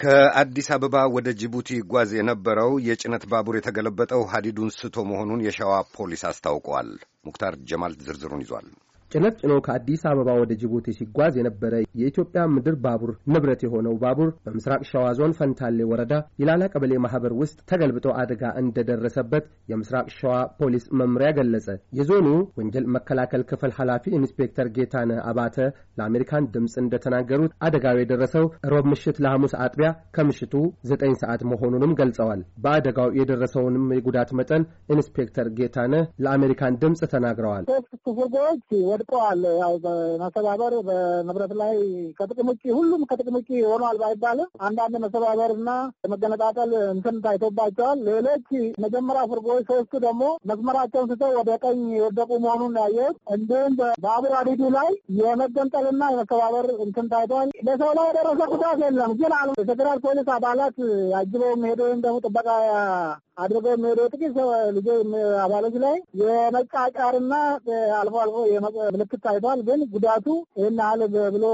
ከአዲስ አበባ ወደ ጅቡቲ ይጓዝ የነበረው የጭነት ባቡር የተገለበጠው ሀዲዱን ስቶ መሆኑን የሸዋ ፖሊስ አስታውቋል። ሙክታር ጀማል ዝርዝሩን ይዟል። ጭነት ጭኖ ከአዲስ አበባ ወደ ጅቡቲ ሲጓዝ የነበረ የኢትዮጵያ ምድር ባቡር ንብረት የሆነው ባቡር በምስራቅ ሸዋ ዞን ፈንታሌ ወረዳ ይላላ ቀበሌ ማህበር ውስጥ ተገልብጦ አደጋ እንደደረሰበት የምስራቅ ሸዋ ፖሊስ መምሪያ ገለጸ። የዞኑ ወንጀል መከላከል ክፍል ኃላፊ ኢንስፔክተር ጌታነህ አባተ ለአሜሪካን ድምፅ እንደተናገሩት አደጋው የደረሰው ሮብ ምሽት ለሐሙስ አጥቢያ ከምሽቱ ዘጠኝ ሰዓት መሆኑንም ገልጸዋል። በአደጋው የደረሰውንም የጉዳት መጠን ኢንስፔክተር ጌታነህ ለአሜሪካን ድምፅ ተናግረዋል። ወድቀዋል። ያው መሰባበር በንብረት ላይ ከጥቅም ውጭ ሁሉም ከጥቅም ውጭ ሆኗል ባይባልም አንዳንድ መሰባበር እና መገነጣጠል እንትን ታይቶባቸዋል። ሌሎች መጀመሪያ ፍርጎች፣ ሶስቱ ደግሞ መስመራቸውን ስተው ወደ ቀኝ የወደቁ መሆኑን ያየሁት፣ እንዲሁም በባቡር ሀዲዱ ላይ የመገንጠልና የመሰባበር እንትን ታይቷል። ለሰው ላይ የደረሰ ጉዳት የለም። ግን አሉ የፌዴራል ፖሊስ አባላት አጅበው መሄደ ወይም ደግሞ ጥበቃ አድርገው የሚሄዱ ጥቂት ሰው አባሎች ላይ የመቃቃርና አልፎ አልፎ ምልክት ታይቷል። ግን ጉዳቱ ይህን ያህል ብሎ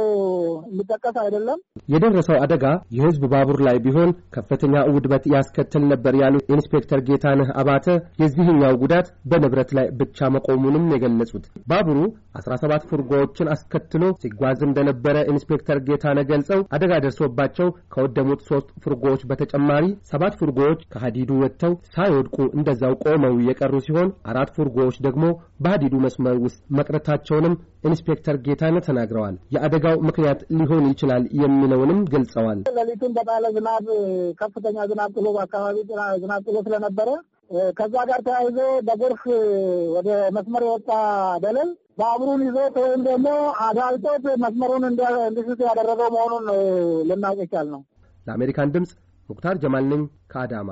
የሚጠቀስ አይደለም። የደረሰው አደጋ የህዝብ ባቡር ላይ ቢሆን ከፍተኛ ውድመት ያስከትል ነበር ያሉት ኢንስፔክተር ጌታነህ አባተ የዚህኛው ጉዳት በንብረት ላይ ብቻ መቆሙንም የገለጹት ባቡሩ ሰባት ፉርጎዎችን አስከትሎ ሲጓዝ እንደነበረ ኢንስፔክተር ጌታነህ ገልጸው አደጋ ደርሶባቸው ከወደሙት ሶስት ፉርጎዎች በተጨማሪ ሰባት ፉርጎዎች ከሀዲዱ ወጥተው ላይ ሳይወድቁ እንደዛው ቆመው የቀሩ ሲሆን አራት ፉርጎዎች ደግሞ በሀዲዱ መስመር ውስጥ መቅረታቸውንም ኢንስፔክተር ጌታነ ተናግረዋል። የአደጋው ምክንያት ሊሆን ይችላል የሚለውንም ገልጸዋል። ሌሊቱን በጣለ ዝናብ ከፍተኛ ዝናብ ጥሎ በአካባቢ ዝናብ ጥሎ ስለነበረ ከዛ ጋር ተያይዞ በጎርፍ ወደ መስመር የወጣ ደለል ባቡሩን ይዞት ወይም ደግሞ አዳልጦት መስመሩን እንዲስት ያደረገው መሆኑን ልናውቅ ይቻል ነው። ለአሜሪካን ድምፅ ሙክታር ጀማል ነኝ ከአዳማ